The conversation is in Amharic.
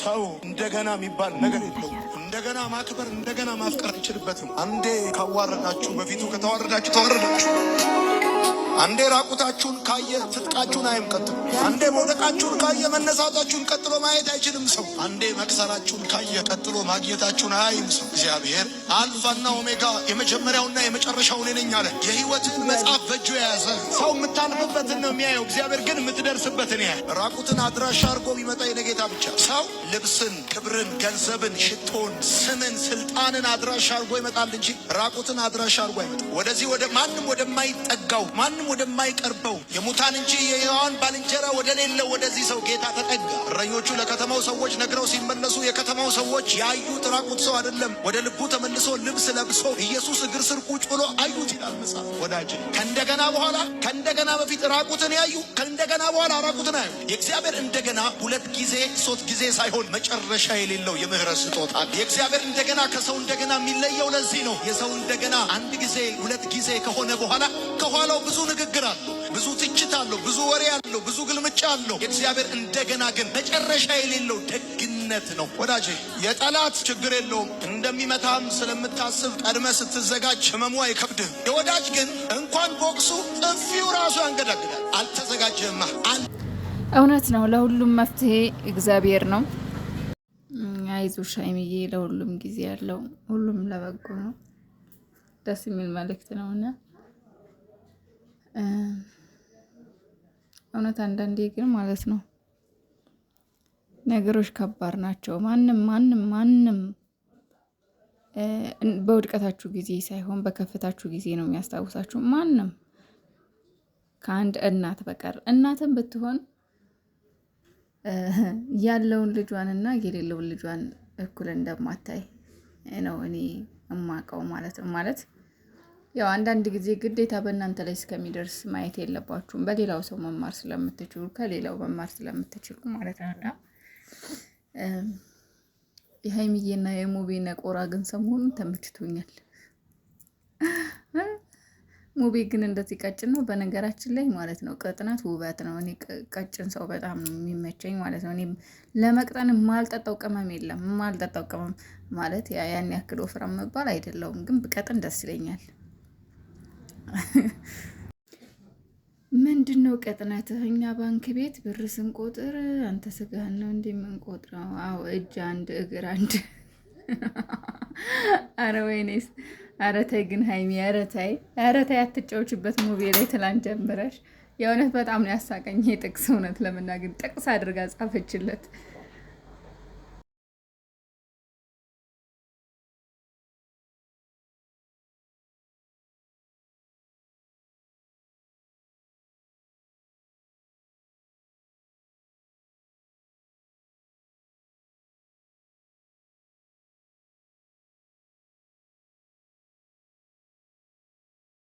ሰው እንደገና የሚባል ነገር የለውም። እንደገና ማክበር፣ እንደገና ማፍቀር አይችልበትም። አንዴ ካዋረዳችሁ በፊቱ ከተዋረዳችሁ ተዋረዳችሁ። አንዴ ራቁታችሁን ካየ ትጥቃችሁን አይም ቀጥሎ፣ አንዴ መውደቃችሁን ካየ መነሳታችሁን ቀጥሎ ማየት አይችልም ሰው። አንዴ መክሰራችሁን ካየ ቀጥሎ ማግኘታችሁን አይም ሰው። እግዚአብሔር አልፋና ኦሜጋ የመጀመሪያውና የመጨረሻው እኔ ነኝ አለ። የሕይወትን መጽሐፍ በእጁ የያዘ ሰው የምታልፍበትን ነው የሚያየው፣ እግዚአብሔር ግን የምትደርስበትን ያያል። ራቁትን አድራሻ አድርጎ ቢመጣ የነጌታ ብቻ። ሰው ልብስን፣ ክብርን፣ ገንዘብን፣ ሽቶን፣ ስምን፣ ስልጣንን አድራሻ አድርጎ ይመጣል እንጂ ራቁትን አድራሻ አድርጎ አይመጣ ወደዚህ ወደ ማንም ወደማይጠጋው ማንም ወደማይቀርበው የሙታን እንጂ የሕያዋን ባልንጀራ ወደሌለው ወደዚህ ሰው ጌታ ተጠጋ። እረኞቹ ለከተማው ሰዎች ነግረው ሲመለሱ የከተማው ሰዎች ያዩት ራቁት ሰው አይደለም፣ ወደ ልቡ ተመልሶ ልብስ ለብሶ ኢየሱስ እግር ስር ቁጭ ብሎ አዩት ይላል መጽሐፍ። ወዳጅ ከእንደገና በኋላ ከእንደገና በፊት ራቁትን ያዩ ከእንደገና በኋላ ራቁትን አዩ። የእግዚአብሔር እንደገና ሁለት ጊዜ ሶስት ጊዜ ሳይሆን መጨረሻ የሌለው የምህረት ስጦታ የእግዚአብሔር እንደገና ከሰው እንደገና የሚለየው ለዚህ ነው። የሰው እንደገና አንድ ጊዜ ሁለት ጊዜ ከሆነ በኋላ ከኋላው ብዙ ንግግር አለው፣ ብዙ ትችት አለው፣ ብዙ ወሬ አለው፣ ብዙ ግልምጫ አለው። የእግዚአብሔር እንደገና ግን መጨረሻ የሌለው ደግነት ነው። ወዳጅ የጠላት ችግር የለውም፣ እንደሚመታም ስለምታስብ ቀድመ ስትዘጋጅ ህመሙ አይከብድህ። የወዳጅ ግን እንኳን ቦክሱ ጥፊው ራሱ ያንገዳግዳል። አልተዘጋጀህማ። እውነት ነው። ለሁሉም መፍትሄ እግዚአብሔር ነው። አይዞሽ ሀይሚዬ፣ ለሁሉም ጊዜ ያለው ሁሉም ለበጎ ነው። ደስ የሚል መልእክት ነውና እውነት አንዳንዴ ግን ማለት ነው ነገሮች ከባድ ናቸው። ማንም ማንም ማንም በውድቀታችሁ ጊዜ ሳይሆን በከፍታችሁ ጊዜ ነው የሚያስታውሳችሁ። ማንም ከአንድ እናት በቀር እናትም ብትሆን ያለውን ልጇን እና የሌለውን ልጇን እኩል እንደማታይ ነው እኔ እማቀው ማለት ነው ማለት ያው አንዳንድ ጊዜ ግዴታ በእናንተ ላይ እስከሚደርስ ማየት የለባችሁም። በሌላው ሰው መማር ስለምትችሉ ከሌላው መማር ስለምትችሉ ማለት ነው። እና የሀይሚዬና የሙቤ ነቆራ ግን ሰሞኑን ተመችቶኛል። ሙቤ ግን እንደዚህ ቀጭን ነው በነገራችን ላይ ማለት ነው። ቅጥነት ውበት ነው። እኔ ቀጭን ሰው በጣም ነው የሚመቸኝ ማለት ነው። እኔ ለመቅጠን የማልጠጣው ቅመም የለም። የማልጠጣው ቅመም ማለት ያን ያክል ወፍራም መባል አይደለውም፣ ግን ብቀጥን ደስ ይለኛል። ምንድን ነው ቅጥነትህ? እኛ ባንክ ቤት ብር ስንቆጥር አንተ ስጋህን ነው እንዲህ የምንቆጥረው? አዎ እጅ አንድ እግር አንድ። አረ ወይኔስ! አረ ተይ ግን ሀይሚ፣ አረ ተይ፣ አረ ተይ አትጫወችበት ሙቪ ላይ ትላንት ጀምረሽ የእውነት በጣም ነው ያሳቀኝ ይሄ ጥቅስ። እውነት ለመናገር ጥቅስ አድርጋ ጻፈችለት።